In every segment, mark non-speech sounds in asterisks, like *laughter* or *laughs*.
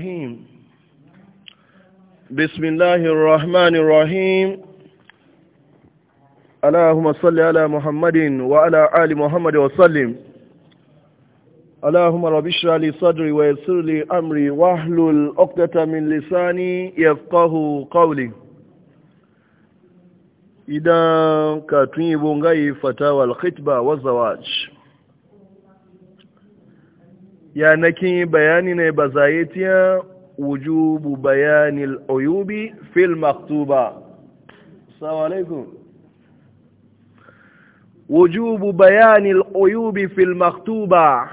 الرحيم بسم الله الرحمن الرحيم اللهم صل على محمد وعلى آل محمد وسلم اللهم رب اشرح لي صدري ويسر لي امري واحلل عقدة من لساني يفقه قولي اذا katun yi فتاوى الخطبه والزواج ya naki bayani ne ba tiya wujubu bayanil oyubi fil maktuba assalamu alaikum wujubu bayanil oyubi fil maktuba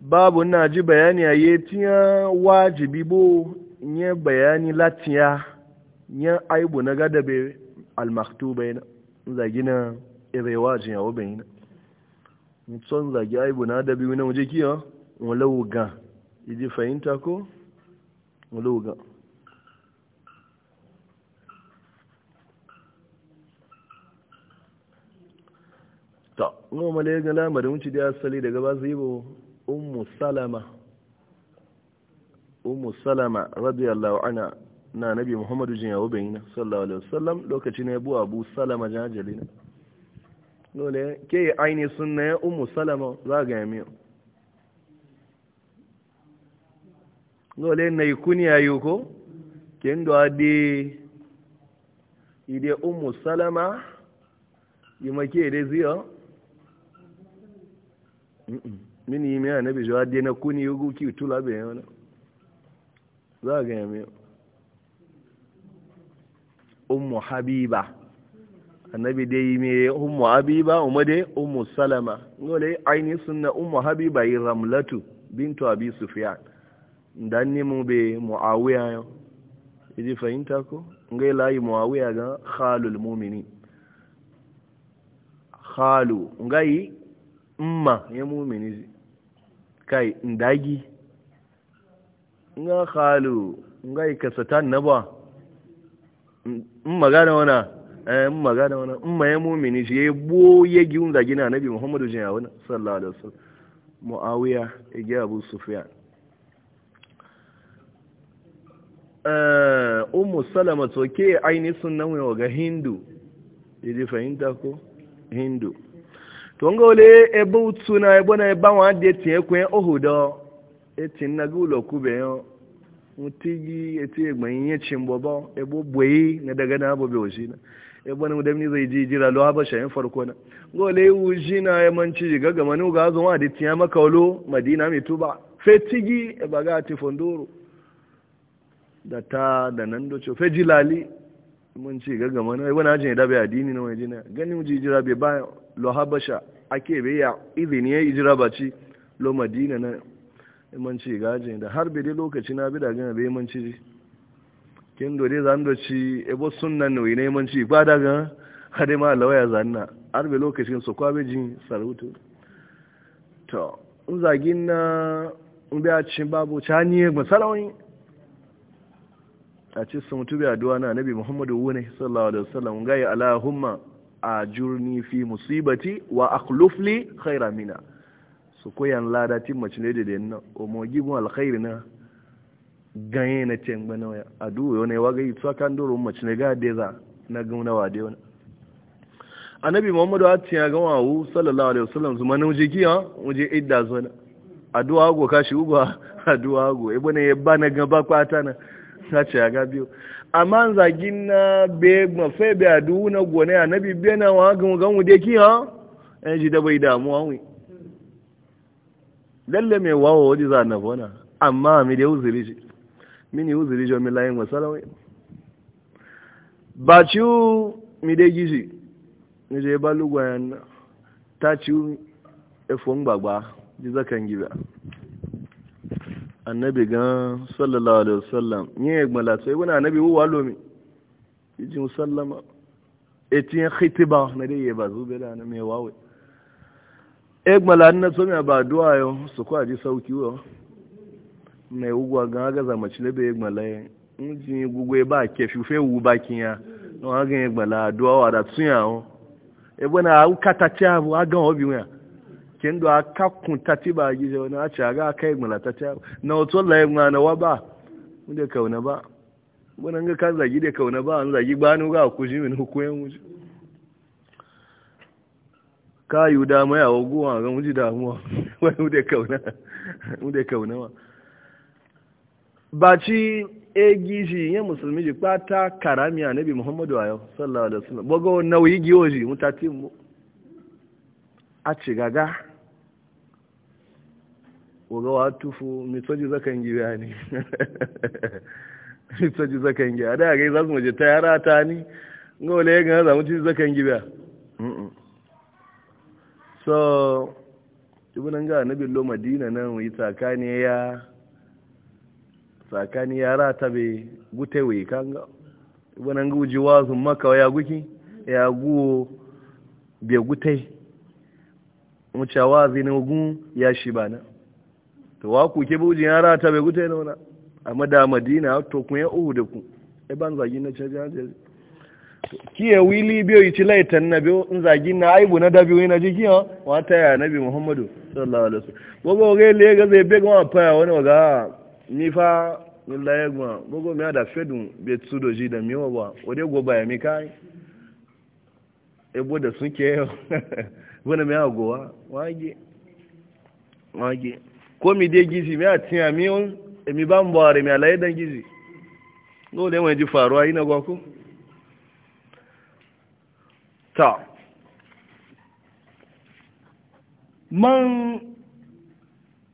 babu na ji bayani a tiya wajibi bo nye bayani latiya nye aibu na gadabe al maktuba yana zagina irewajin yawo bayina mutum zagi aibu na adabi na waje kiyo walauga idi fahimta ko walauga ta noma da ya ga lamarin wuce da asali daga ba zai bu ummu salama ummu salama radiyallahu ana na nabi muhammadu jin yawo bayina sallallahu alaihi wasallam lokacin ya bu abu salama jajalina dole ke yi aini sunna ya umu salama za ga yami dole na yi kuniya yi ko ndo a di ide umu salama yi make da ziyo mini yi mai anabi shi ade na kuni yi guki tula bai wani za ga yami umu habiba annabi dai me ummu habiba umma dai umu salama dai aini sunna ummu habiba yi ramlatu bintu abi sufyan dan ni mu be muawiya yo idi fahimta ko ngai layi muawiya ga khalul mu'minin khalu ngai umma ya mu'mini kai ndagi nga khalu ngai kasatan naba in magana wana ayan eh, magana wani in ma ya mumini shi ya boye giun zagi na nabi muhammadu jin yawon sallallahu alaihi wasallam muawiya igi abu sufyan eh, ummu salama to ke aini sunan wa ga hindu idi fahimta ko hindu to nga ebe e utu na ebe na ebe wa de tie kwen ohudo eti na ụlọ kube yo mutigi eti egbe yin e chimbobo ebo boyi e na daga na bobe oshina ya bani da mini zai ji jira lo haba shayin farko na gole wuji na ya manci ga ga manu ga zuwa da tiya maka lo madina mai tuba fetigi ya e baga ti fondoro da ta da nan do feji lali mun ci ga ga manu ai wani ajin dabe bai dini na wajina na gani mu ji jira bai ba lo sha ake bai ya izini ya jira ba ci. lo madina na e mun ci ga ajin da har bai dai lokaci na bi da gana bai mun ci kin dole zan da ci bo sunnan ne ne mun ci ba daga hade ma lawaya zanna be lokacin su kwabe jin sarutu to in zagin na in biya cin babu caniye masalawin a ci su mutu biya duwa na nabi muhammadu wune sallallahu alaihi wasallam ga ya allahumma ajurni fi musibati wa akhlufli khaira mina su koyan ladatin mace ne da nan o mo gigun alkhairina ganye na ce gbana waya a duwa wani waga yi tsuwa kan doron mace na gade za na gauna wade A annabi muhammadu a ciyar ga wu sallallahu alaihi wasallam zuma na wuje giya wuje idda zuwa a duwa hago kashi uba a duwa hagu. ibo e ne ya ba na gaba kwata na ta ce ga biyu amma zagin na be mafe be a duwu na gone annabi be na wa ga gan wuje giya an ji dabai damuwa wi lalle mai wawo waje za na bona amma mai da uzuri mini uzuri zirijo mi layin wasalawa ba ciwu mi dai gizi ni je ba lugwayan ta ciwu efon gbagba ji zakan giba annabi gan sallallahu alaihi wasallam yin egbala sai wani annabi wuwa lomi ji musallama etin khitiba na dai ya ba zube da na mai wawe egbala na so mi ba duwa yau su kwa ji sauki wa mai ugwa ga ga zama cile bai gbala ya inji gugwe ba ke fife wu bakin ya don hagan ya gbala duwa wa da tun yawon ebe na kata ci abu hagan obi wuya ke do aka kun tati ba gize wani a ci aga aka gbala tati abu na otu la ya e na ba wanda kauna ba ga kan zagi *laughs* ka kauna ba ka yi ya ga ba ci e gishi musulmi ji kwata karami a nabi muhammadu a yau sallallahu alaihi wasallam bogo nauyi giyoji mutati mu a ci gaga Wuga wa tufu mitoji zakan gi ne *laughs* mitoji zakan gi a da ga za su maje ta yara ta ni ga ya gana zamu ci zakan gi ya so nan ga nabi lo madina nan yi tsakani ya tsakani yara ta bai gute wai kanga wani guji wazun maka ya guki ya guwo bai gute wuce wazi na ya shi ba na to wa ku ke buji yara ta bai gute na wana amma da madina to kun ya uhu da ku e ban zagi na caji hajjali kiye wili biyo yi ci laitan na biyo in zagi na aibu na da na yana ji kiyan wata ya nabi muhammadu sallallahu alaihi wasallam gogo ga le zai wani ga mi fa mi la egwa gogo mi ada fedun be tsudo ji da mi wa ode goba ya mi kai ebo da suke wani mi agowa wage wage ko mi dai gizi mi atiya mi on e mi ban bware mi alaye dan gizi no de wani ji faruwa yi na ku ta man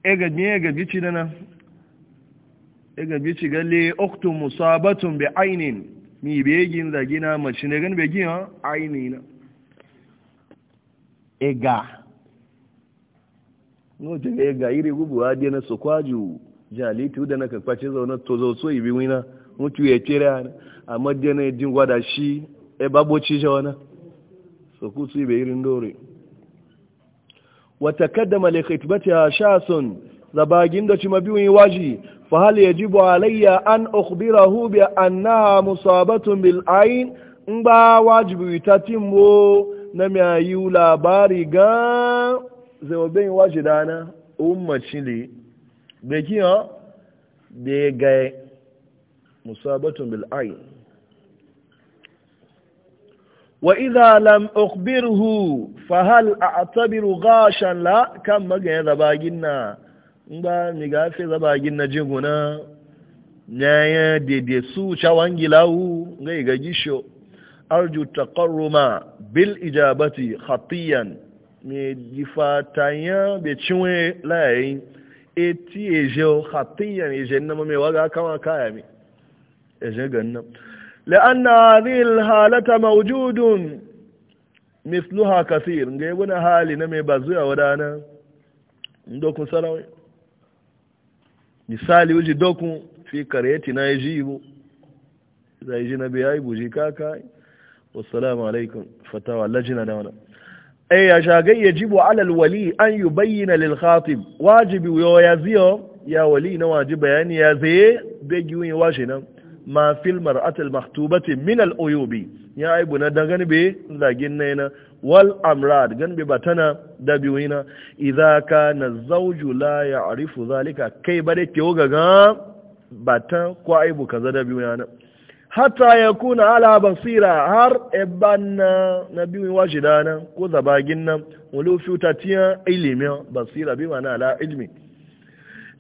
ega ni ega gici nan. daga bici galle oktu musabatun bi ainin mi begin zagina mace ne gan begin ainina ega no ga ega iri gubu hadi na sokwaju tu da na kakwace zaune to zo so ibi wina mutu ya kira a madina jin gwada shi e baboci shawana so ku su ibe irin dore wata kaddama li khitbatiha shasun zabagin da ci mabiyun waji fa hal yajibu alayya an ukhbirahu bi annaha musabatun bil ayn in ba wajibi ta timbo na mayu labari ga zababin waji dana ummaci ne da kiyo da ga musabatun bil ayn وإذا لم أخبره فهل أعتبر غاشا لا كم مجهد باقينا ngba mi ga fe zaba gin na jigo na nyaya dede su chawangi lawu ngai ga gisho arju taqarruma bil ijabati khatiyan mi jifatanya be chiwe lai eti ejo khatiyan eje e na me waga kama kaya mi eje ganna la anna لأن هذه الحالة موجود مثلها كثير نجيبنا حالي نمي بازويا ودانا ندوكو سراوي misali uji dokun fi karyati na yi ibo za yaji na biya ibo ji kaka wasalamu alaikum fatawa lajina da wannan ai ya shagai yajibu alal wali an yi lil khatib wajibi yo ya ziyo ya wali na waji bayani ya zaye begi wani washe nan ma filmar atal mahtubati min al ya aibu na dangane be zagin na yana wal amrad gan bi batana da biwina idza kana zawju la ya'rifu zalika kai bare ke oga ga batan ko aibu kaza da biwina hatta yakuna ala basira har ibanna e nabiyin wajidana ko zabagin nan wulufi tatiya ilimin basira bi mana ala ilmi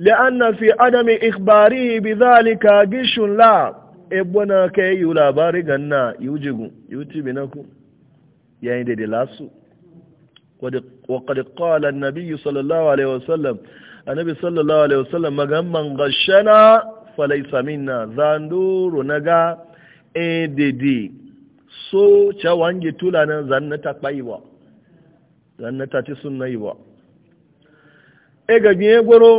لأن في عدم إخباره بذلك جيش لا إبنا كي يلابار غنا يوجغو يوتي ku! yayin da da lasu وقد قال النبي sallallahu alaihi wasallam a nabi sallallahu alaihi wasallam magamman gashana غشنا فليس zanduru na ga add so cawange tulanin zannata kpaiwa zannata ti suna yiwa ga biye gwaro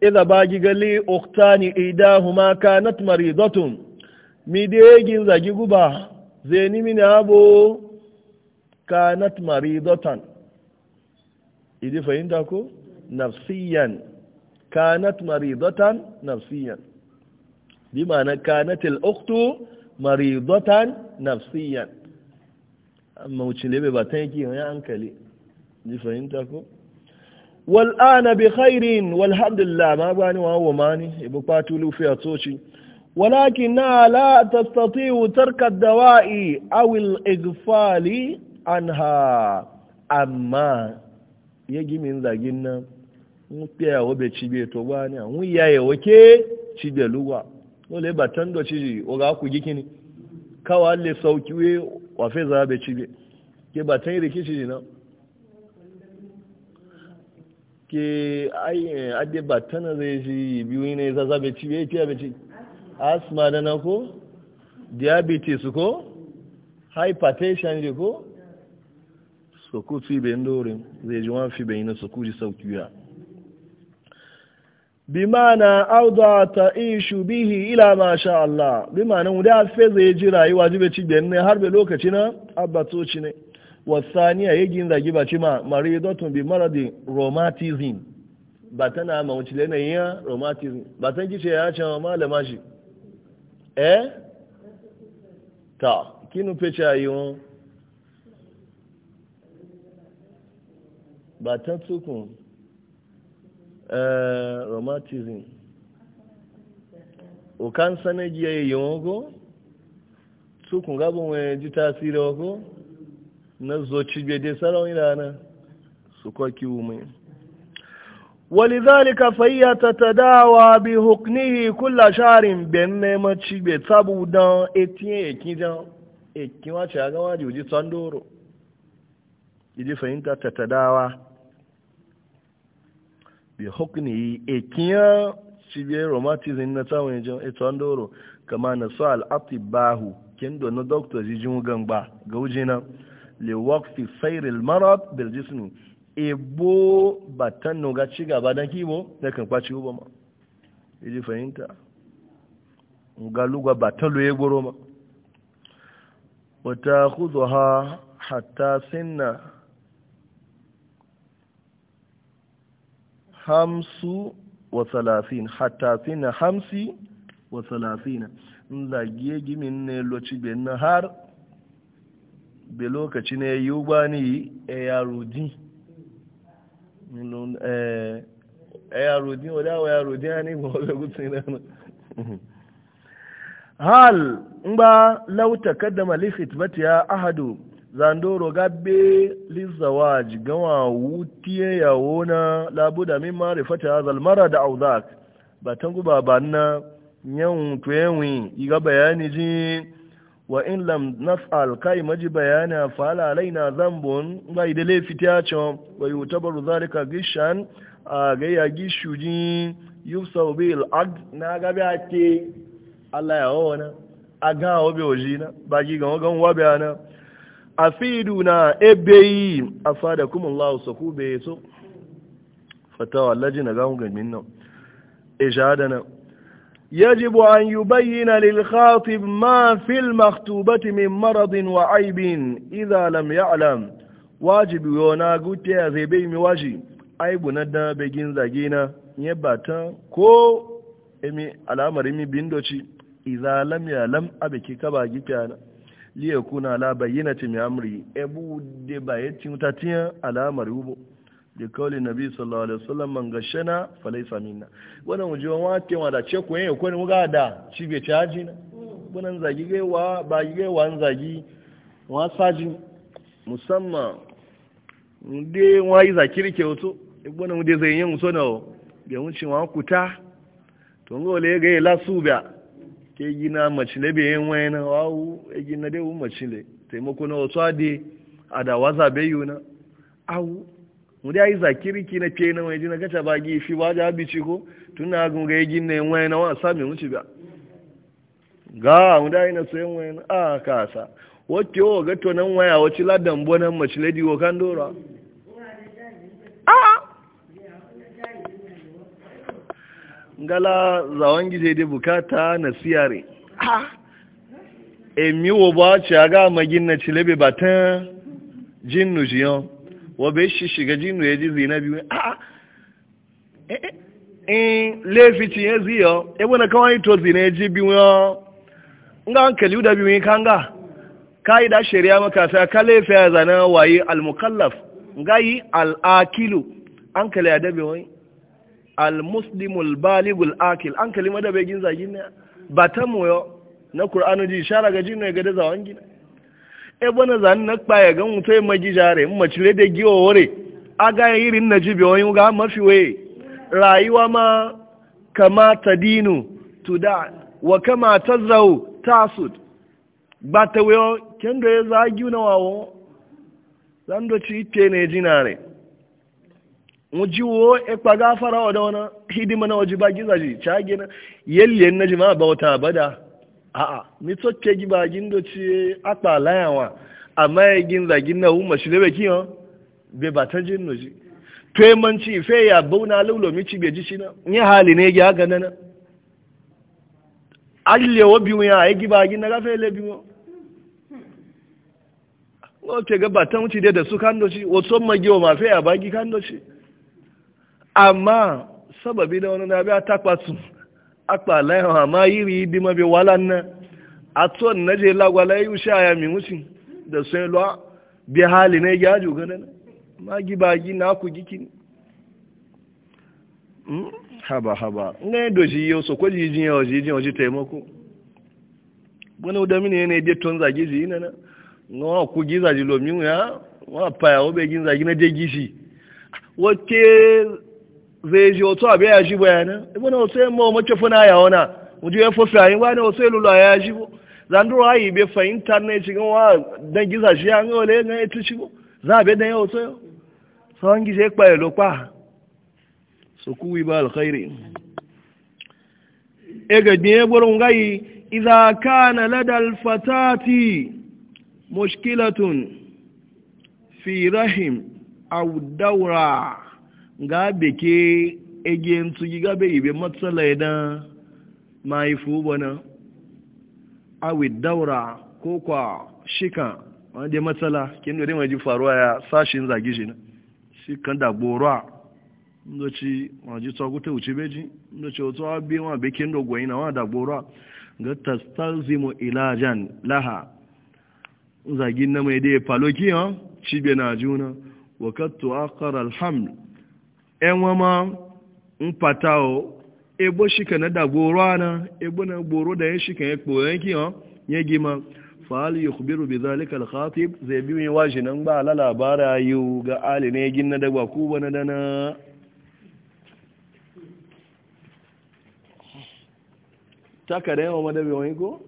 ida ba gigali oktani idahuma kanat maridatun midegin zagi guba zeni mini abu كانت مريضة إذا فهمتك نفسيا كانت مريضة نفسيا بمعنى كانت الأخت مريضة نفسيا أما وشلي بباتيكي هيا أنكلي إذا فهمتك والآن بخير والحمد لله ما بغاني وهو ماني يبقى باتولو في أتوشي ولكنها لا تستطيع ترك الدواء أو الإغفال anha amma ya gimin zagin nan mutiya wabe cibe to ba ne an yaye wake cibe luwa wale ba tando ciji oga ku gikini kawa le sauki we wafe za be cibe ke ba tan rike ciji na ke ai ade ba tan zai ji biyu ne za za be cibe e ya be ci asma da na ko diabetes ko hypertension ko so sibe ci zaiji dorin zai ji wafi ji saukiya bi mana auda ta ishu bihi ila ma sha Allah bi mana mu da fe zai ji rayuwa be ci bayan ne har be lokaci na ci ne wasaniya yagin zagi ba ci ma maridatun bi maradi rheumatism ba tana ma wuce yanayin rheumatism ba tan kice ya ce malama shi eh ta kinu fece ayi wọn ba ta tukun eh, romantism o kan sane ya yi yawon tukun gabin wani ji tasiri wako na zoci gbede sarauni rana su kwaki ume ولذلك فهي تتداوى بحقنه كل شهر بنما تشبه تابو دان اتين اكين دان اكين واتشاغا واجي وجي تاندورو idi fahimta ta tadawa bi hukuni ekiya cibiyar romantism na tsawon yajin eto andoro kama na sa al'ati bahu kendo na doktor jijin gangba ga na le wakfi fi marad bil jismi ebo batan noga ci gaba don kibo na kan kwaci ubo ma idi fahimta ga lugwa batan lo ya goro ma wata kuzo ha hatta sinna hamsu wa talatin hatta fina hamsi wa talatina in zage gimin ne loci ben na har be lokaci ne yi ba ni eyarudi eyarudi wadda wa yarudi ya ne ba wadda gutsi na nan hal in ba lauta kaddama lifit batiya ahadu zandoro gabbe lizawaj gawa wutiye ya wona labuda min marifata Mara da auzak ba tangu baban na yawon iga bayani ji wa in lam nas'al kai maji bayana fala alaina dhanbun ga ide le fitacin wa yutabaru zalika gishan a ga ya gishu ji yusau bil ad na ba ake Allah ya wona aga obi ojina ba gi ga wa bayana afidu na ebe yi a fada kuma Allah su so? su fatawa laji na gawon gajin nan e shahadana yajibu an yi bayyana lilkhatib ma fil maktubati min maradin wa aibin idha lam ya'lam wajibi yau na gute a zebe mi waji aibu na dan begin zage na ya bata ko emi alamar mi bindoci idha lam ya lam abiki kaba gita na liye kuna la bayyana ce mai amri ebu da baye cin tatiyan alamar yubo da kawai nabi sallallahu alaihi wasallam man gashana falaisa minna wannan waje wa wake wa da ce ko yayin ko ni ga da ci be caji na bunan zagi wa ba wa an zagi wa saji musamman nde wa yi zakiri ke wato ibona e mu de zai yin so na be mun ci wa kuta to ngole ga e lasu ba ke gina macile bai yin wani na wawu ya gina dai wun macile taimako na wasu adi a da waza bai yi na awu mu dai yi zakiriki na fiye na wani jina gaca ba gi fi ba da bici ko tun na gunga ya gina yin wani na wasa mai wuce ba ga mu dai na sayan wani a kasa wacce yau ga tonan waya wacce ladan bonan macile diwo kan dora ngala zawon zai dai bukata na siyare ha emi wo ba ci aga magin na cilebe ba ta jinnu jiyo wa bai shi shiga jinnu ya ji zina biyu a in lefici ya ziyo ebe na e, e, e, kawai to zina ya ji biyu nga hankali da biyu kanga ka yi da shari'a maka sai ka lefi ya zana waye almukallaf ga yi al'akilu hankali ya dabe wani almuslimul baligul akil an kalima da begin zagin ne ba ta moyo na qur'anu ji shara ga jin ga da gina e bana zan na kpaya ga mu sai magi jare mu macile da giwo wore aga irin najibi wani ga mafi waye. rayuwa ma kama to tuda wa kama tazau tasud ba ta wayo kendo ya zagi na wawo zan do ci ne jinare mujiwo ekpa gafara wa da wani hidima na waje ba gizaji cage na yalliyan na jima ba wata bada a'a mi tsokke gibagin do ci akpa layawa amma ya gin zagin na shi da be kiyo be batan jin noji to yamanci fe ya bauna lulo mi ci be ji shi na ni hali ne ga ga na alle wo biwu ya ai gibagin na gafe le biwu ko ke ga batan wuci da su kan do shi o son ma fe ya bagi kan amma sababi da wani nabi a takwasu akpa laihu amma yiri idi mabi walan na a tsohon na je lagwala yi wuce a yami da sun lo bi hali na ya ju gana na ma gibagi na ku gikin haba haba ne doji yau so ko jijin yau jijin yau ji taimako wani da mini ne dai tun zage ji ina na wa ku giza ji lomin ya wa pa ya obe gin zage na je gishi wace zai ji wato abe ya ji bayanin ibi na wato yamma mace funa ya wana wuje ya fofi ayin wani wato ya ya ji zanduru fahimta wa dan shi an yi na ya ci bo za a be dan ya wato yau sauran gisa ya kpaye lokpa kuwi ba alkhairi e kana ladal fatati mushkilatun fi rahim aw dawra ga beke egiyen ga be ibe matsala idan fu bana awi daura ko kwa shika wanda matsala kin dole mai ji faruwa ya sashin zagi shi na shi kan da a ndoci waji tsoguta wuce beji ndoci wato abi wa bekin dogoyi na wa da a ga tastalzimu ilajan laha zagi na mai dai faloki ha cibe na juna wa kattu alhamdu enwama mpatao ebo shika na dagoro ana na gboro da yin shika ya kpo yanki ha ya gima fa'al yukhbiru bi zalika al-khatib zai bi mi waji nan ba la labara yu ga ali na dagwa ku bana dana da wani ko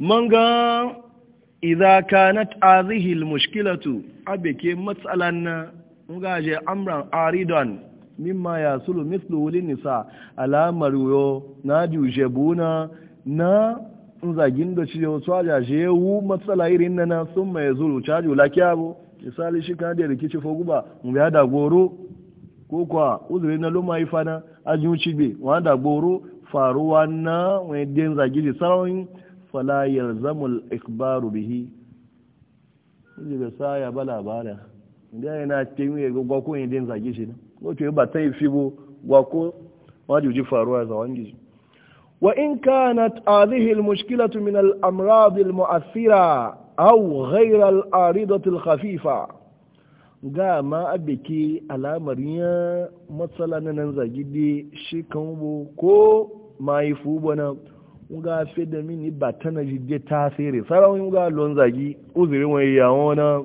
manga kanat hadhihi al-mushkilatu abeke matsalan na ngaje amran aridan mimma ya sulu mislu wulin nisa alamar yo na juje buna na zagin da ciye wasu ajaje wu matsala irin na na sun mai zuru caju lakiya bo misali shi kan da rikici fogu ba mu ya da goro ko kwa uzuri na luma ifana ajin bi wani da goro faruwa na wani den zagi da sarauni fala yalzamul ikbaru bihi jibe saya ba labara da yana cikin ya ga gwako ne din zage shi wato ba ta yi fibo gwako ma juji faruwa za wani gizi wa in kanat hadhihi mushkilatu min al amrad al mu'athira aw ghayr al aridat khafifa ga ma abiki alamar ya matsala na nan shi kan ko mai fubo na nga fe da mini ba ta na jide tasiri sarawin nga lon zagi uzirin wani yawon na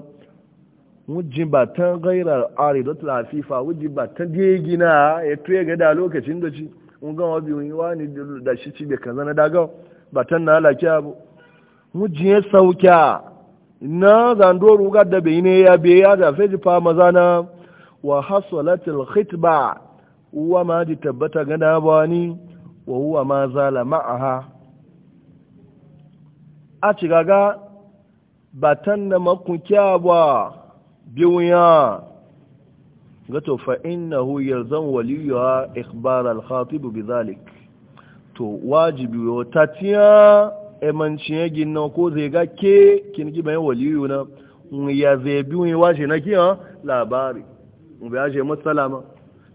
wujin ba ta gaira ari dot fifa wujin ba ta gina ya tuye gada lokacin da ci nga wa biyu wani da shi ci bai kaza na daga ba ta na halaki abu wujin ya e sauka na zandoro ga da bai ne ya bai ya da feji fa maza na wa hasalatul khitba wa ma ji tabbata gana ba ni wa huwa ma zala ma'aha a ci gaga batan na makunkiya ba biyunya gato fa zan waliyu waliyuha ikbar al-khatib zalik to wajibi yo tatiya e ya ginno ko zai ga ke kin gi bayan waliyu na ya zai biyun ya waje na kiyan labari mu biya je masalama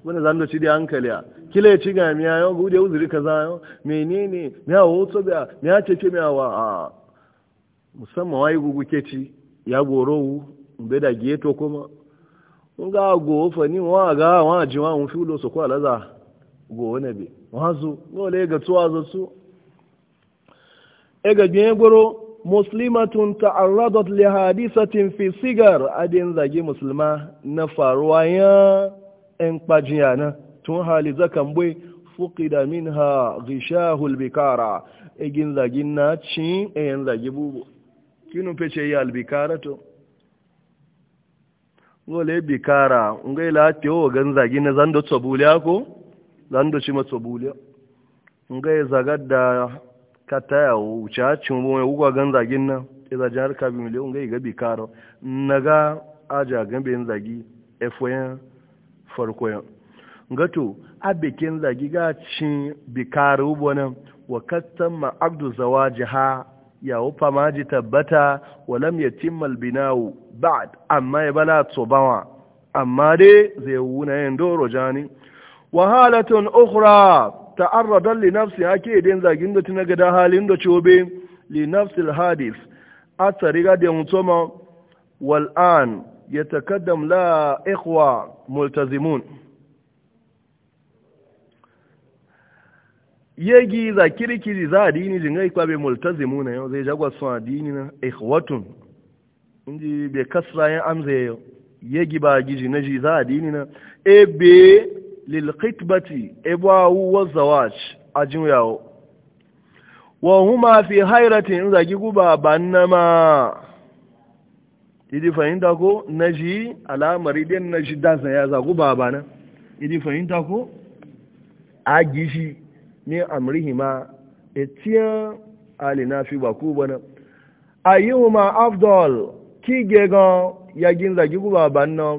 wani zan da shi da hankali a. kila ya ci ga miya yau gude uzuri kaza yau menene miya wa wato biya miya keke ce miya wa a musamman wayi gugu ke ci ya goro wu bai da geto kuma mun ga go fani wa ga wa ji wa mun fulo so ko alaza go na bi wa zo no ga tuwa zo su e ga biye goro muslimatun ta'arradat li hadisatin fi sigar adin zagi musulma na faruwa ya en na tun hali zakan bai min ha ghishahul bikara egin zagi na cin eyan zagi bubu kinu fece ya albikara to gole bikara ngai lati tewo gan zagi na zando tsobuliya ko zando ci matsobuliya ngai zagadda kataya wuce cin bo mai ugwa gan zagi na iza jihar kabi miliyan ngai ga bikara naga aja gan ben zagi efoyan farkoyan gato abikin zagi gacin bikaru bonan wa kastan ma'abdu zawa jiha ya wufa maji tabbata wa ya timmal binawu ba'ad amma ya bala tsobawa amma dai zai wuna yin doro jani wahalatun ukhra ta li nafsi ake din zagin da tuna gada halin da cobe li nafsi hadith riga da mutoma wal an yatakaddam la ikhwa multazimun yegi za kirikiri za dini jingai kwa be multazimu na yau zai jagwa a dini na ikhwatun inji be kasra ya amze yau yegi ba giji na ji za dini na ebe lil khitbati ebawu wa zawaj ajin yawo wa huma fi hairatin in zagi guba bannama idi fahimta ko naji alamar idan naji dasa ya zagu bana idi fahimta ko agishi min amrihima etiyan alinafi ba ku bana ayuma afdal kigega ya ginza zagi guba banna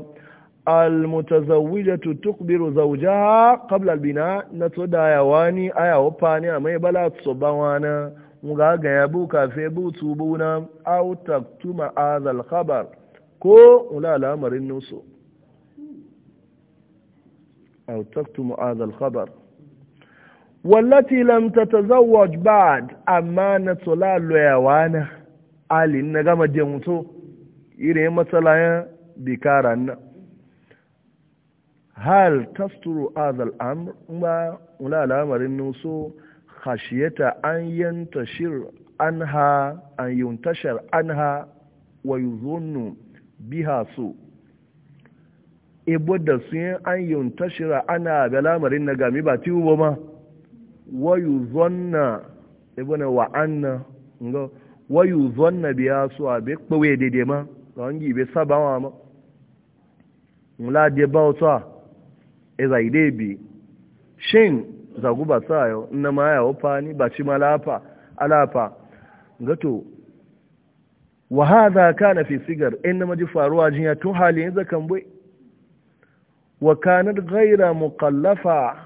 almutazawwijatu tukbiru zawjaha qabla albina na to da yawani aya opani amai bala tsobawana bawana muga ya bu kafe bu buna au taktuma azal khabar ko ula al'amarin nusu aw taktumu azal khabar wallati lam tatazawwaj ba'd amma na tsola loyawana ali na gama da mutu ire matsalayan bikaran nan hal tasturu azal amr ba wala lamarin nuso khashiyata an yantashir anha an yuntashar anha wa yuzunnu biha su ibo da su an yuntashira ana ga lamarin na gami ba tiwo ma wayu zonna ibuna wa anna nga wayu zonna bi su abe be kpawe dede ma ka wangi be saba wa ma mula de ba sa, e za ide bi shin za guba sa yo na ma ya opa ni ba ci malafa alafa to, wa hadha kana fi sigar inna ji faruwa jinya tun halin kan bai wa kanat ghaira muqallafa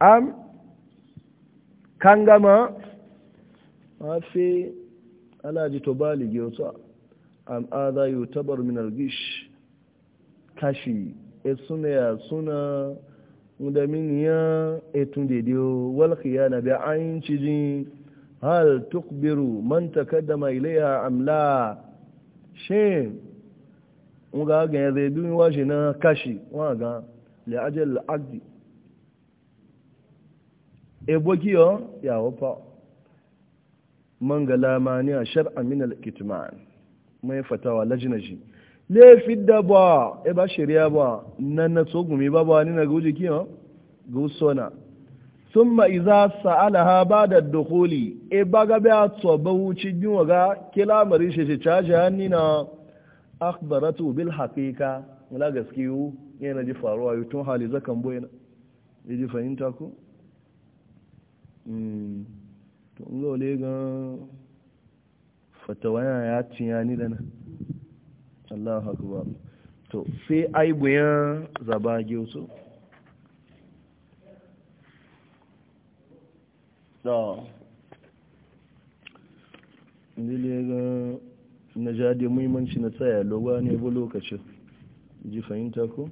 am kangama mafi ana ji to baligi wata am adha tabar min gish kashi e suna ya suna da miniya etun dedewa wal na, bi ayin cijin hal tukbiru man takaddama ilaiha amla shin ga ga ya zai duniya shi na kashi wa ga li ajiyar ebo giyo ya wafa mangala maniya shar'a min al-kitman mai fatawa lajnaji le fidda ba e ba shari'a ba nan na so gumi ba ba ni na guji kiyo gusona thumma idza sa'alaha ba'da da dukhuli e ba ga ba to ba wuci waga kilamari shi shi caji hannu na akhbaratu bil haqiqa mula gaskiyu yana ji faruwa tun hali zakan boye na ji fahimta ko Hmm. to in wale gan fatawaya ya ciya ni da nan allahu akbar to sai aibuyan zabage wasu da ndile ga na jade muhimmanci na tsaya logwa ne bu lokacin ji fahimta ko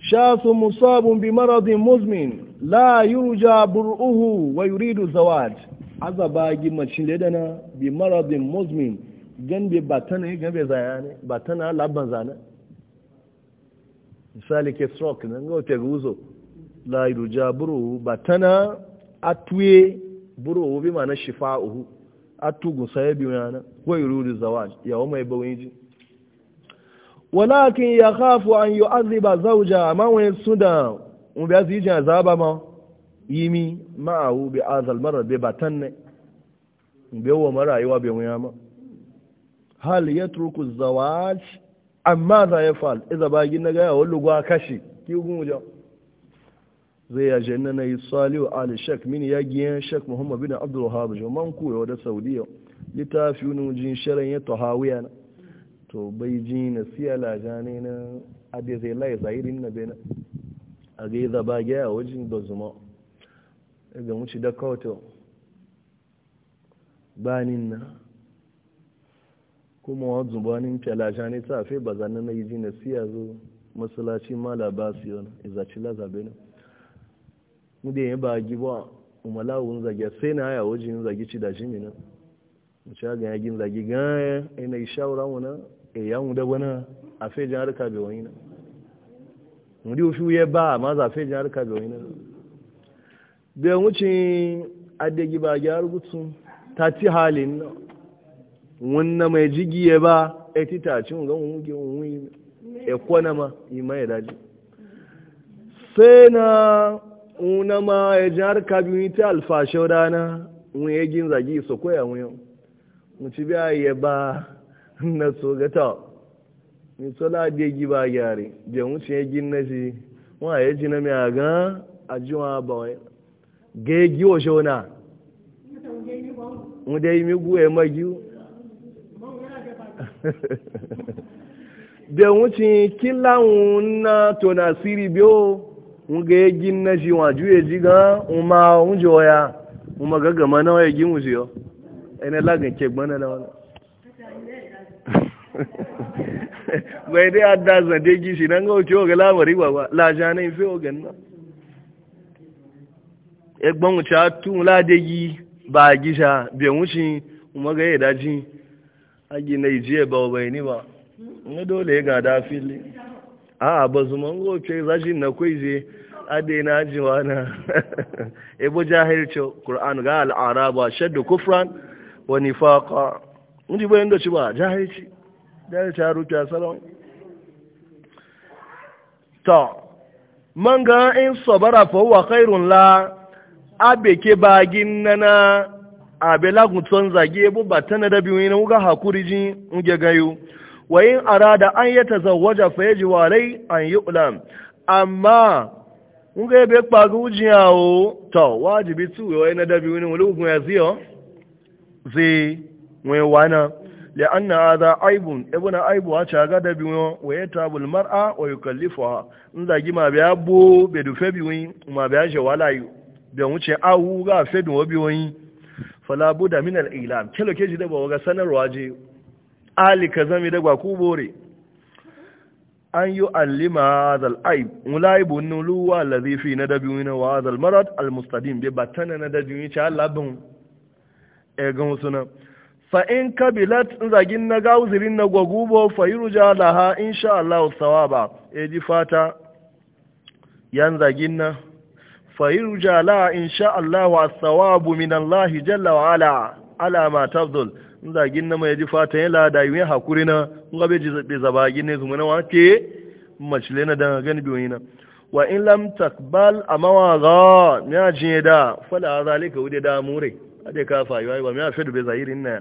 شاث مصاب بمرض مزمن لا يرجى برؤه ويريد الزواج azaba gimacin ledana bi maradin musmin gambe ba ta ne gambe zaya ne ba ta na labban zana misali ke stroke nan ga wata guzo la yuruja buru ba ta na atuye buru ma na shifa'uhu atugun sayabi yana ko yuru da zawaj yawo mai bawin walakin ya khafu an yu'adhiba zawja ma wa suda mu biya su yijin azaba ma yimi ma'ahu bi azal marar bai batanne bai wa marayuwa bai wuya ma hal turku zawaj amma za ya fal iza bagi na ga yawan lugwa kashi ki gunjo zai ya janna na salihu ali shek mini ya giyan shek Muhammadu bin abdul wahab man ku da saudiya litafi nujin shirin ya na. to bai ji na siya lajane na ade zai laye zahirin na bena a ga yi zaba gaya wajen da zuma ga muci da kawato banin na kuma wa zubanin kyalajane ta fi ba zanen na yi ji na siya zo masalaci ma labasi wani izaci laza bena mu da yi ba gibuwa umalawun zage sai na haya wajen zage ci da jimina mucha ga yagin zagi ganye ina ishawra wona e eh, ya mu da wana a fe jan harka be wani mu di ushu ye ba ma za fe jan harka be wani na? be wucin adegi ba gyar gutsu ta ci halin na? wannan mai jigiye ba a titacin ga mu ge mu e kona ma ima ya daji sai na una ma ya jan harka bi ta alfashe rana mu ya gin zagi so koya mu yau mutu biya ya ba *laughs* na sogata nisola de gi ba giba gyare da wuce ya na shi wa ye ji na mai aga a jiwa ba wai ga ya giwa shona mu da yi migu ya magiyu da wuce kilawun na tona siri biyo nga gi na shi wa juye ji ga umar wujewa ya umar ma na wa gi gina wuce yau ene lagan ke gbana da wani bai dai adda zande gishi nan ga wuce oga lamari ba ba laja na ife ogan nan egbon wuce atun ladegi ba gisha biyan wuce daji agi na ijiye ba bai ni ba dole ya gada zuma jiwa na ebo jahilci qur'an ga al'araba shaddu kufran wa nifaqa ndi bayan da ci ba jahilci jahilci ya rufe asalan ta man ga in sabara fa huwa khairun la abeke bagin nana abelagun ton zage bu batana da biyu ne muga hakuri jin nge gayo wa in arada an yatazawwaja fa yaji walai an yu'lam amma muga be kpagu jiyawo to wajibi tu wa ina da biyu ne wani ugun ya ziyo zai wai wana لأن هذا عيب ابن عيب واشاغا دبيو ويتاب ma ويكلفها ندا جما بيابو بدوفي بيوين وما yi ولا يو don wuce awu ga fedin Fala falabu da minar ilam ke keji da bawa ga sanarwa je ali ka zami da gwa kubore an yi allima azal aib nulu wa lazifi na dabiwi na wa azal marad al mustadim bai batana na dabiwi cewa labin ga wasu nan fa in kabilat in zagin na ga uzurin na gwagubo fa yurja laha insha Allah sawaba e ji fata yan zagin na fa yurja la insha Allah sawabu min Allah jalla wa ala ala ma tafdul in zagin na mai e, ji fata ya lada yi hakuri na in ga beji zabe zabagin ne zumuna wa ke macile na dan gani na. wa in lam takbal amawa ga ya je da fala zalika wude da mure ade ka fa yayi ba me afi da zahirin na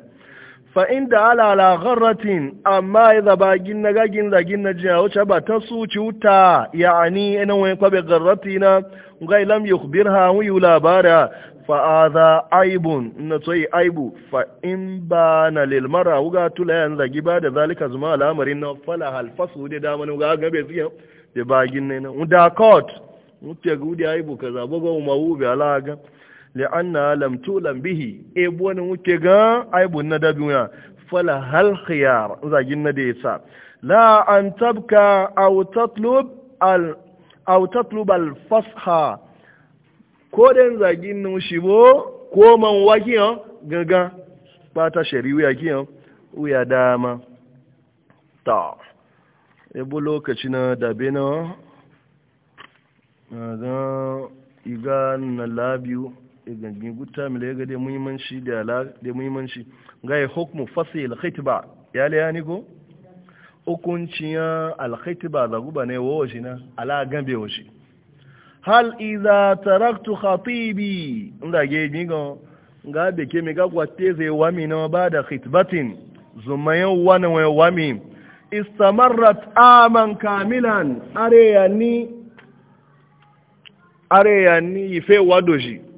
fa inda ala ala gharatin amma idza ba gin na gagin da gin na jiya wuce ba ta su ci wuta yani ina wani kwabe gharatina ngai lam yukhbirha wa yulabara fa adha aibun na tsoyi aibu fa in ba na lil mara uga tula yan zagi ba da zalika zuma al'amarin na fala hal fasu da dama ne ga gabe tsiya da ba ne na da court mutya gudi aibu kaza bugo mawu bi alaga li'anna lam tulam bihi e wani wuke ga aibun na dabuna fala hal khiyar zagin na da yasa la an tabka aw tatlub al aw tatlub al fasha ko den zagin nu shibo ko man waki yo gaga bata ya kiyan, uya dama ta ebo lokaci na dabe na ga iga na labiyu igangin guta mila ya ga da muhimmanci da ala da muhimmanci ga ya hukumu al alkhitba ya liya ni ko al alkhitba da guba ne wa washi na ala gambe washi hal iza taraktu khatibi inda ge gigo ga be ke mi ga gwate zai wami na ba da khitbatin zumayan wani wami istamarrat aman kamilan areyani areyani ife wadoji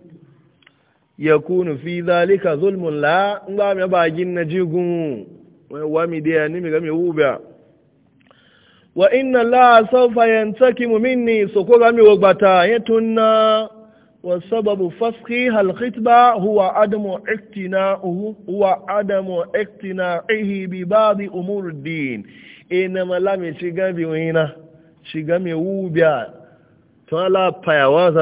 ya kunu fi zalika zulmun la in ba mai bagin na jigun wa mi da ni mi ga mi wuba wa inna la sawfa yantakimu minni so ko ga mi wo gbata yetunna wa sababu fasqi hal khitba huwa adamu iktina'uhu huwa adamu ihi bi Babi, umur din ina malami shiga bi wina shiga mi wuba to ala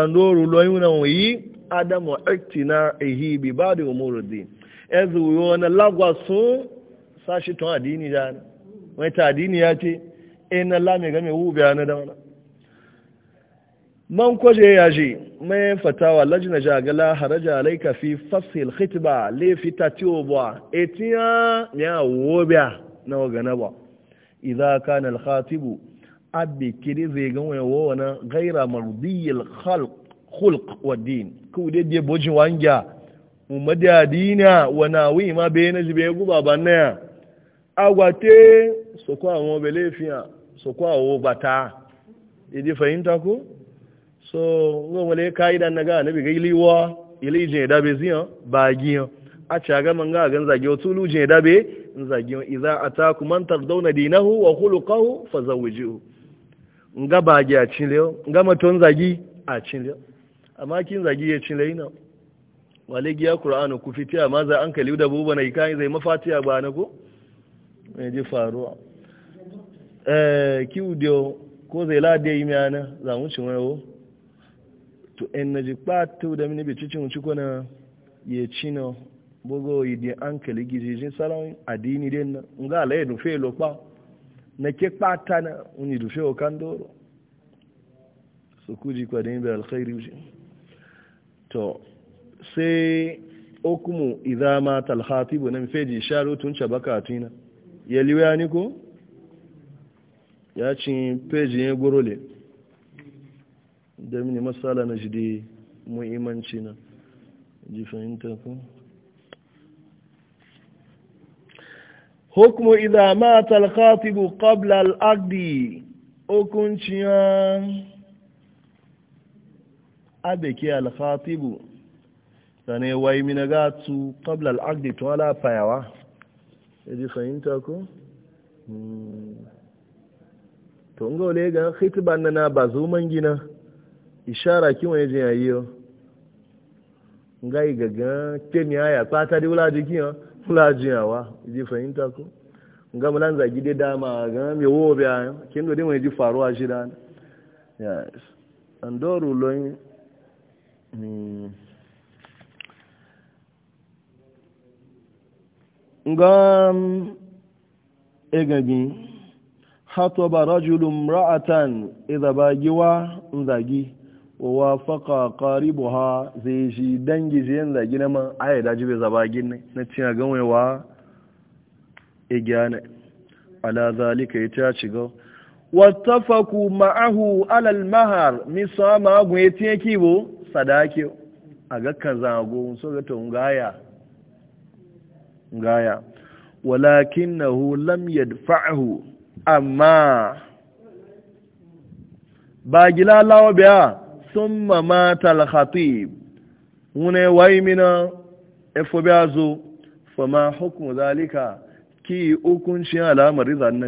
do ru lo yuna wi adamu iktina ehi bi ba da umuru din yanzu lagwa so sa sashi tun adini da na ta adini ya ce ina eh, lami me wu biya na dama. man kwaje ya ji mai fatawa lajina jagala haraja alaika fi fasil khitba le fita etia etiya ya wo bia na wagana ba idha kana al khatibu abbi kiri zai ga wani gaira mardiyil khalq khulq wa din دي بوجي وانجا ومدي wanja umada dina wa nawi ma be na jibe guba banna agwate soko awon bele fiya bata idi fahimta ko so ngo mole kaida naga nabi ga iliwa ili je da be ziyan ba giyan a caga man ga gan zage wasu lujin da be zage idza ataku man tardawna dinahu wa khuluquhu fazawwijuhu nga a cinle nga zagi a amma kin zagi ya ci laina wale giya qur'ani ku fiti amma za an kali da buba na kai zai mafatiya ba na ko me ji faruwa eh ki udio ko zai lade yi miana za mu ci wayo to en na ji patu da mini bici cin ci kona ya ci no bogo yi di an kali gijijin salon adini den na, nga la edu fe lo pa na ke pata na uni du fe o kandoro so kuji kwa den be alkhairi to sai okumu idza ma talhatibu nan feji sharutun shabakatina ya liwaya ni ko ya ci feji ya gorole da mini masala na jide muhimmanci na ji fahimta ko hukumu idza ma talhatibu qabla al-aqdi hukuncin abeke alkhatibu sane wai mina gatu qabla al'aqdi to ala fayawa yaji fahimta ko hmm. to ngole ga khitban na bazu zuman gina ishara kin waye jin ayiyo ngai gaga ken yaya fata di wala jiki ha wala jiyawa yaji fahimta ko ngam lan za gide dama ga me wo biya kin do dai mai ji faruwa shi da yes andoru loyin Hmm. ngam egagi hato ba rajulun ra'atan giwa zagi wa faka karibu ha zai ji dangi zai yin zagi na man aya daji bai zabagin ne na cina ganwewa igiya e ala zalika ya ta shiga wattafaku ma'ahu alal mahar misa ma'agun ya tiye kibo sadake a ga zago so ga to ngaya ngaya walakinahu lam yadfa'hu amma ba gila lawa biya summa mata al-khatib wune waimina efo biya zo fama hukumu zalika ki hukunci alamar rizan na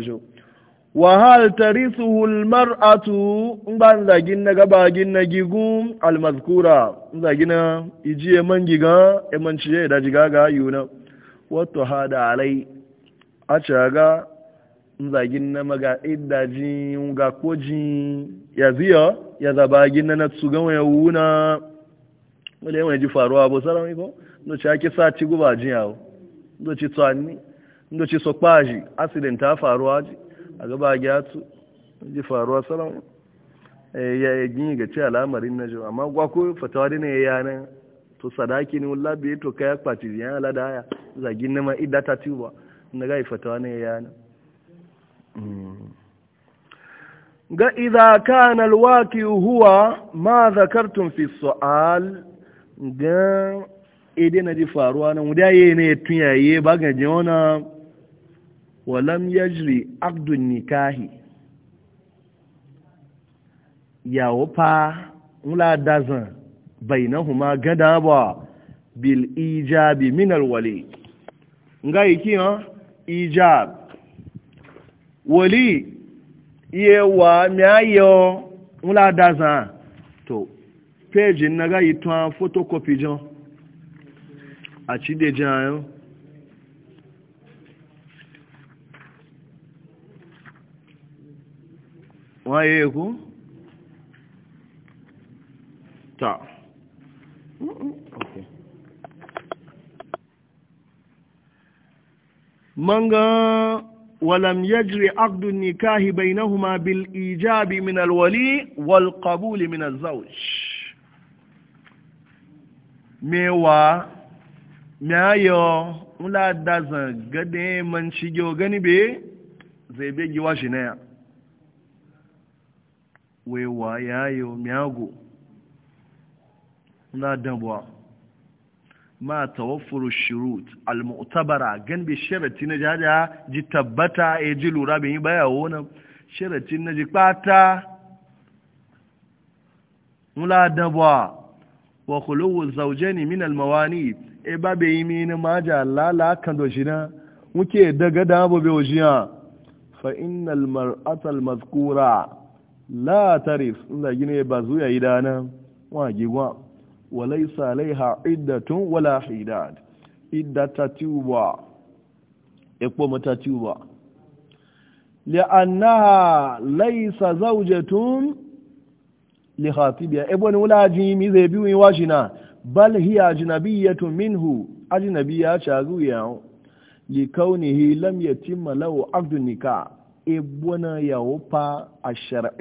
Wa wahal tarithuhu almar'atu ban zagin na gabagin na gigun almazkura zagina ijiye man giga e man ciye da jiga ga yuna wato hada alai a caga zagin na maga iddaji ga koji ya ziya ya zabagin na natsu ga ya wuna wale yawan ji faruwa bo sarar ko no ci ake sa ci guba jiyawo no ci tsani no ci sokpaji accident ta faruwa ji a gaba gyatu ji faruwa salon eh, ya yi ga ce al'amarin na jiwa amma gwa ko fatawa dina ya yana to sadaki ne wula biye to kaya kwaci ya ala da haya na ma idda ta tuba na gai fatawa ne ya yana hmm. ga idza kana alwaqi huwa ma zakartun fi su'al ga idina ji faruwa nan wuda yayi ne tun yayi ba ga na walam yajri abdun nikahi yawo fa mula dazan bainahuma gada ba bil ijabi min alwali nga yiki ha ijab wali iye wa miayo mula dazan to page naga itwa photocopy jon a chide jan waye ku ta manga ولم يجري عقد النكاح بينهما بالإيجاب من الولي والقبول من الزوج mewa mayo mula da zan gade man shige gani be zai bege wa na wewa yayo miyago na dabuwa ma tawaffuru shirut al-mu'tabara gan bi sharati na jaja ji tabbata e ji lura bi baya wona sharati na ji pata mula dabuwa wa khuluwu zawjaini min al-mawani e ba be yimi ma ja lala kan do na. muke daga da bo be ojiya fa innal mar'ata al-mazkura la tarif inda gine ba zuya yi dana wa gigwa walaisa laiha iddatun wala hidad iddata tuba ikpo mata tuba li'annaha laisa zaujatun li khatibiya ibn wulaji mi zai biyu wajina bal hiya ajnabiyatun minhu ajnabiya chaguya li kaunihi lam yatimma lahu 'aqdun nikah Ebona ya wofa a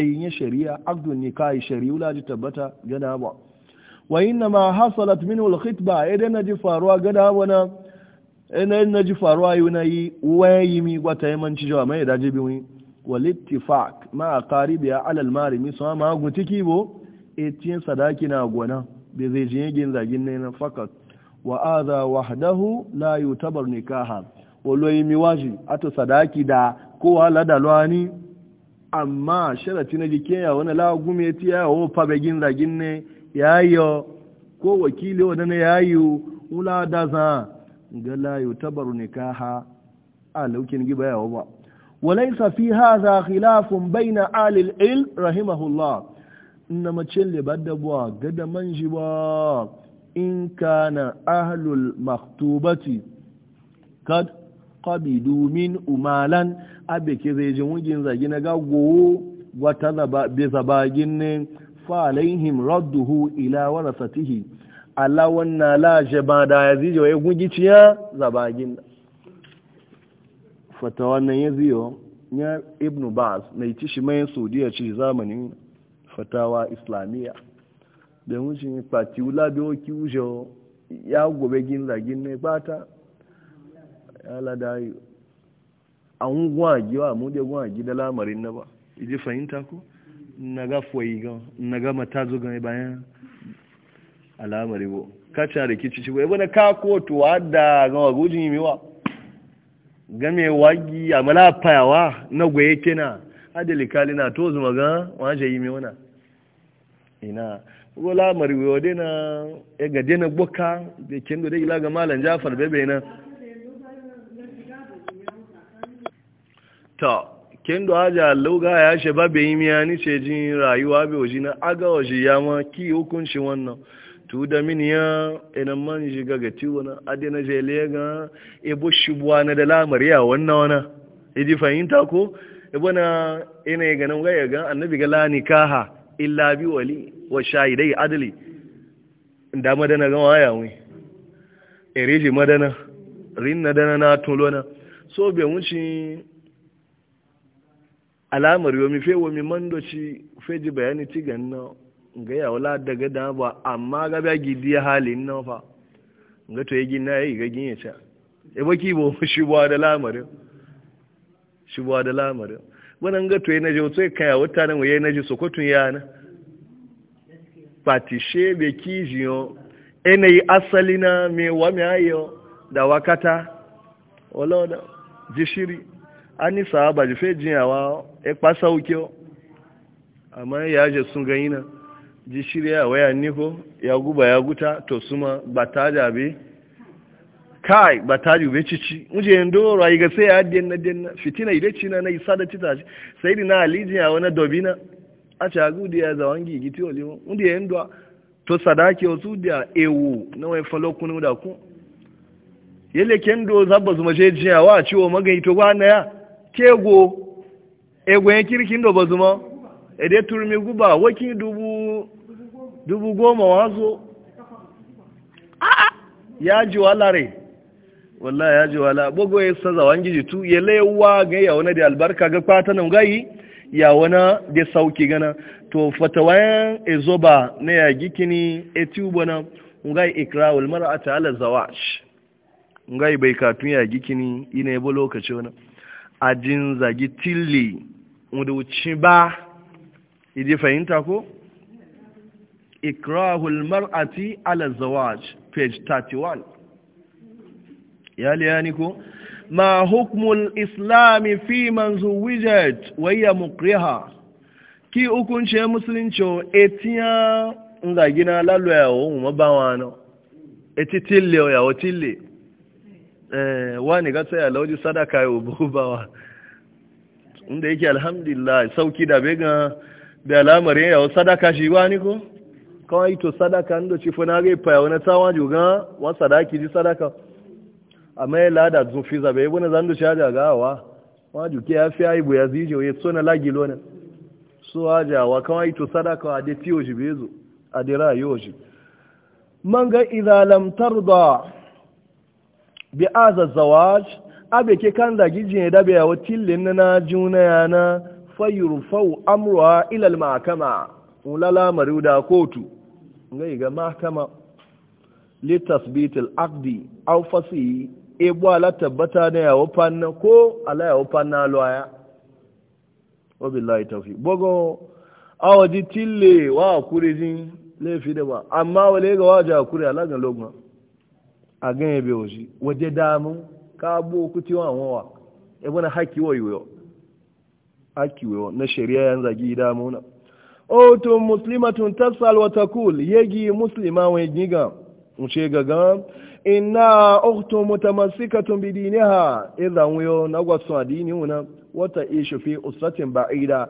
ya shari'a abdu nikahi shari'u la ji tabbata gada ba wa inna ma hasalat min al khitba idan naji faruwa gada na idan naji faruwa yuna yi wayi mi gwata yamanci jawa mai daji bi wi wal ittifaq ma aqaribi ala al mari mi so ma gutiki bo etin sadaki na gona be zai jin ne na fakat wa adha wahdahu la yutabar nikaha wallo yi mi waji ato sadaki da kowa ladalwa ni amma sharati na jike ya wani lagume ya tiya wa fabegin zagin ne ya ko wakili wadana ya yiwu wula da za ga layu tabaru ne ka ha a laukin giba yawa ba walaisa fi haza khilafun baina alil il rahimahullah na mace libadda buwa gada man ba in kana ahlul maktubati kad qabidu min umalan abe ke zai wujin zagi na gago wata be zabagin ne fa alaihim radduhu ila warasatihi ala wanna la jaba da ya zije wai gugiciya zabagin fata wannan ya ziyo ya ibnu baz mai ci shi mai saudiya ci zamanin fatawa islamiyya da wucin pati wula biyo ya gobe gin zagin ne bata ala dayo an gwagi wa mu da aji da lamarin na ba iji fahimta ko na ga foyi ga na ga mata zo ga eh, bayan alamari bo kacha rikici ci wani ka kotu wadda ga wagujin wa game wagi a malafayawa na gwaye kina adali kali na to zuma ga waje yi miwana ina ko lamari wa dena e ga dena boka da kendo da ila ga malan Jafar bebe na ta kendo aja lauga ya she babe yi miya ni ce jin rayuwa be waje na aga waje ya ma ki hukunci wannan tu da min ya ina man shi ga gati wani ade na je le lega ebo shibuwa na da lamar ya wannan wana idi e fahimta ko ebo na ina e ya ganin ga ya ga annabi ga la nikaha illa bi wali wa shahidai adli da madana ga waya mu ereji madana rin na dana na tulona so be wuce alamar yomi fe womi mando ci feji bayani ci ganna ga ya wala daga da ba amma ga ba ya halin na fa ga to yi na yi ga gin ya ta e baki bo *laughs* shi bo da lamarin shi bo da lamarin wannan ga to yi na je to kai wata nan waye na ji sokotun ya na patishe be kijiyo ene asali na me wa me ayo da wakata wala da jishiri ani sahaba je fe jiyawa ya kpasa o amma ya je sun gani na ji shirya waya niko ya guba ya guta to suma ba ta jabe kai ba ta jube cici muje yin doro ayi ga sai ya denna denna fitina ile cina na isa da cita shi sai dina ya wani dobina a ci agu da ya zawangi giti olimu wanda ya yin duwa to sadaki wasu da ewu na wani falokunu da ku yale kendo zabba zuma je jiya wa ciwo magai to gwana ya kego egwenye kirkin da ba zuma ede turmi guba waki dubu goma wazo a'a ah, ah, ya ji walare wallahi ya ji wala bogo ya saza wangiji tu ya lewa ga ya wani da albarka ga fata nan gayi ya wani da sauki gana to fatawayan ezoba na ya gikini etubo na ngai ikrawul mar'ata ala zawaj ngayi bai katun ya gikini ina yabo lokaci wani ajin zagi tilli wanda wuce ba idi fahimta ko ikrahul mar'ati ala zawaj page 31 ya liyani ko ma hukmul islami fi man zuwijat wa mukriha ki hukunce musulunci etiya nga gina lalo ya ma ba wano eti tille tille eh wani ga tsaya lauji sadaka yo bubawa *laughs* inda yake alhamdulillah sauki da bega da lamarin yawo sadaka shi ba ni ko kawai to sadaka ndo ci fana ga fa wani tawa juga wa sadaki ji sadaka amma ya lada zun fi zabe ibuna zando shaja gawa wa juke ya fi aibu ya zijo ya tsona lagilo ne so aja wa kawai to sadaka a de tiyo shi bezo a de rayo shi man ga idza da tarda bi azaz zawaj abe ke kan da gijin da biya wa tillin na juna yana fayurfau amruha amurwa ilal mahkama ulala maruda kotu ngai ga mahkama li tasbit al-aqdi aw fasi ebo ala tabbata na yawo panna ko ala yawo panna loya wabillahi tafi bogo awaji tille wa jin laifi da ba amma wale ga waje a ala ga logma a ganye bewoshi waje damu kabo kuti wa wa bona haki wo yo haki wo na shari'a yan zagi da muna to muslimatun tasal wa taqul yegi muslima wa giga uce gaga inna ukhtu mutamassikatun bi diniha idan wayo na so adini una wata ishu fi usratin ba'ida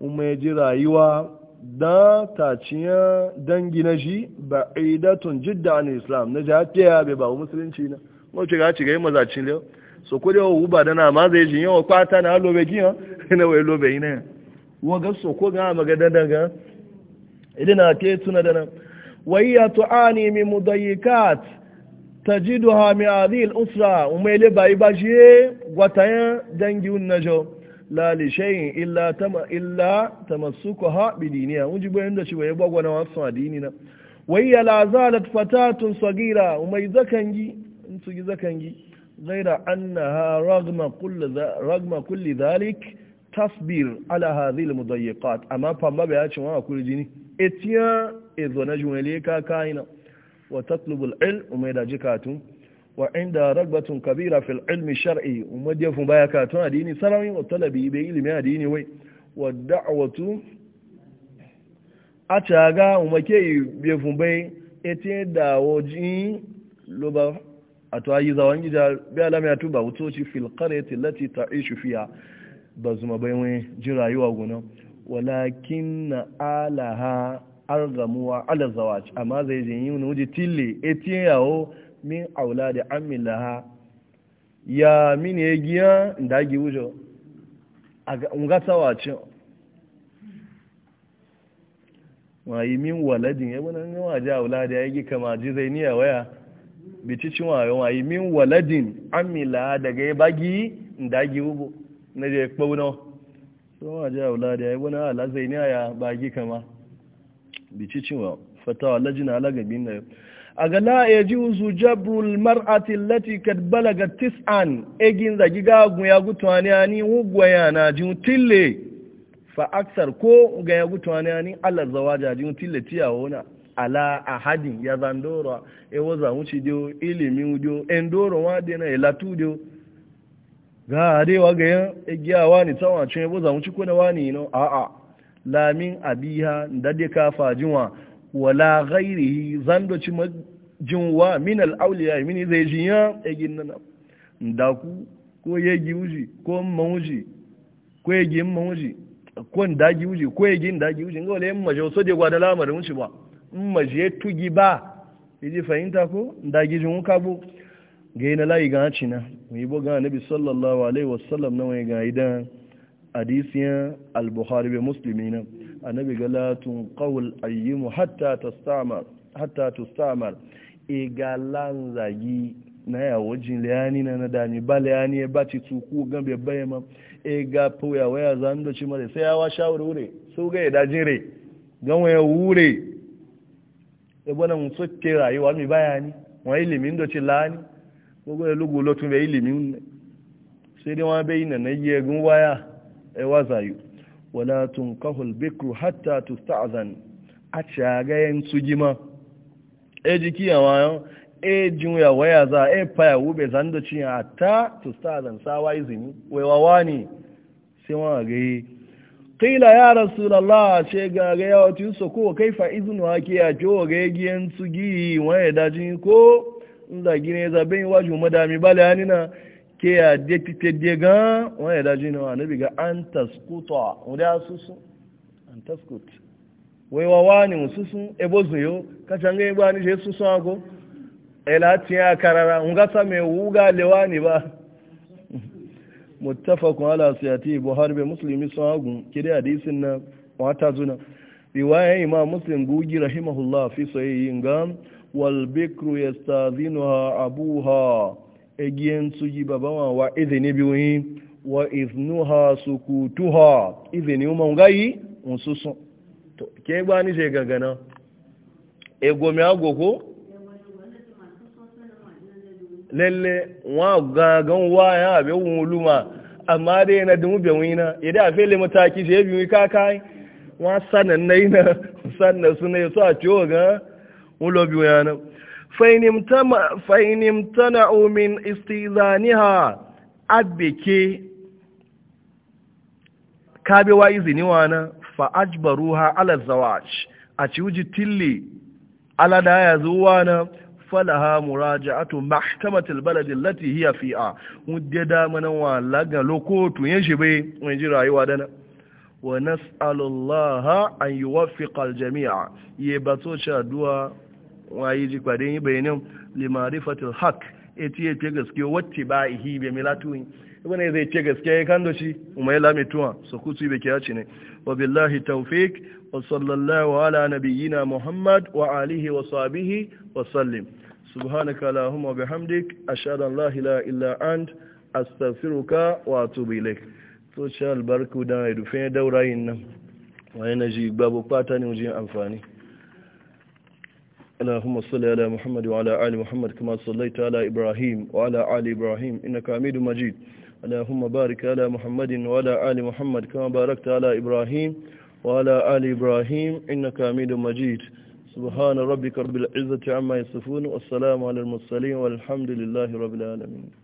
umeji rayuwa da taciya dangi na shi ba'idatun jidda an islam na jafiya bai ba musulunci na mo ce ga ci ga maza ci le so ko da uba da na ma zai jin yawa kwata na lobe giya *laughs* na wai lobe ina wa ga so ko ga maga da idan e na ke tuna da nan wa ya tuani min mudayyikat tajiduha mi hadhihi al-usra ba bai baje gwatayan dangi unnajo la li shay'in illa tama illa tamassukaha bi diniha mujibu inda shi bai bagwa wasu adini na wa ya la zalat fatatun sagira zakan zakangi in zakan yi zaira an na ha ragma kulli zalik tasbir ala hadhihi almudayyiqat amma famba bai ya wani wa jini etiya ezona jumele ka kaina wa umar da ji katun wa inda ragbatun kabira fil ilmi shar'i umayda fun baya katun adini sarari wa talabi bai ilmi adini wai wa da'watu ataga umake bi fun bai etiya dawo jin lo a to ayi zawan gida bi alama ya tuba wutoci fil qaryati lati ta'ishu fiha zuma bai wani jin rayuwa gona walakin alaha wa ala zawaj amma zai je yi wani wuje tille etiye yawo min aula da amilaha ya mini ya giya da gi wujo a ga tsawace yi min waladin ya wani waje aula da ya gi kama ji zai niya waya biti cin wayo yi min waladin amila daga ya bagi ndagi ubo na je kpauna so wa je wulada da yi wani ala zai ne ya bagi kama bici cinwa fatawa lajina alagabin na yau a ga la'ayi ji uzu jabrul mar'ati allati kad balaga tis'an egin zagi gun ya gutuwa ani ni ya na jin tille fa aksar ko ga ya gutuwa ani ni allah zawaja jin tille tiyawo na ala ahadin ya zandora e waza wuce dio ilimin dio endoro wa de na ilatu dio ga arewa ga yan igiyawa e ni tsawon cin waza wuce ko na wani no a a lamin abiha da de ka fajinwa wala ghairihi zando ci jinwa min al awliya min zai jinya egin nan da ku ko yegi wuji ko mawuji ko yegi mawuji ko ndagi wuji ko yegi ndagi wuji ngole majo so de gwada lamarin wuci ba in maje tugi ba yaji fahimta ko da gijin wuka bu ga yi na layi ga haci na yi bo ga nabi sallallahu alaihi wasallam na wani ga idan hadisiyan al-bukhari bai musulmi na annabi ga kawul qawul ayyimu hatta ta samar e igalan zagi na ya jin layani na na dami ba layani ya bace tuku gan bai bayan ma e ga poya waya zan da ci mara sai ya wa wure su ga ya dajin re gan waya wure ebona mutsoke rayuwa mi bayani wa ilimi ndo ci lani gogo ya lugu lotun be ilimi sai dai wa bai na nayi gun waya e wazayu wala tunkahu albikru hatta tusta'zan a caga yan sujima e jiki ya wayo e jin ya waya za e paya wube zando ci hatta tusta'zan sawa izini wai wawani sai wa ga qila ya rasulullah ce ga ga yawa tun so ko kaifa iznu hake ya jo ga giyan su gi daji ko nda gine za ben waju madami bale anina ke ya de pite de ga waye daji no anabi ga an tasquta wada susu an tasqut wai wawani susu ebozu yo kachange e bani je susu ago elati ya karara ngata mai wuga lewani ba muttafaqun ala siyati buhari be muslimi sahagun kire hadisin na wata zuna riwaya imam muslim gugi rahimahullah fi sahihin ga wal bikru yastazinuha abuha egiyen suji babawa wa izini biwi wa iznuha sukutuha izini uma ngai unsusun to ke gba ni je gangana egomi agoko lalle wa gangan wa ya abe wuluma amma dai na dumu be wina yadda a fele mataki je bi mi kaka wa sanan nai na *laughs* sanan suna yaso a ciwo ga ulo bi yana tana in imtana'u min istizaniha abike kabe wa izini wana fa ajbaruha ala zawaj a ci wuji tilli ala da ya zuwa na فلها مراجعة محكمة البلد التي هي في فيها مدد منوى لغا لكوت ينجبي ونجر أيوة دنا ونسأل الله أن يوفق الجميع يبطوش دوا ويجي قدين بينهم لمعرفة الحق إتي يتيجس كي واتباعه بملاتوين يبنى إذا يتيجس كي يكندوشي وما يلامتوا سكوتي بكياتشيني وبالله التوفيق وصلى الله على نبينا محمد وعليه وصحبه وسلم سبحانك اللهم وبحمدك أشهد أن لا إله illa أنت astaghfiruka wa إليك ilaik to دايد فين دورين ya rufe daurayin nan wani na اللهم صل على محمد وعلى آل محمد كما صليت على إبراهيم وعلى آل إبراهيم إنك حميد مجيد اللهم بارك على محمد وعلى آل محمد كما باركت على إبراهيم وعلى آل إبراهيم إنك حميد مجيد سبحان ربك رب العزة عما يصفون والسلام على المرسلين والحمد لله رب العالمين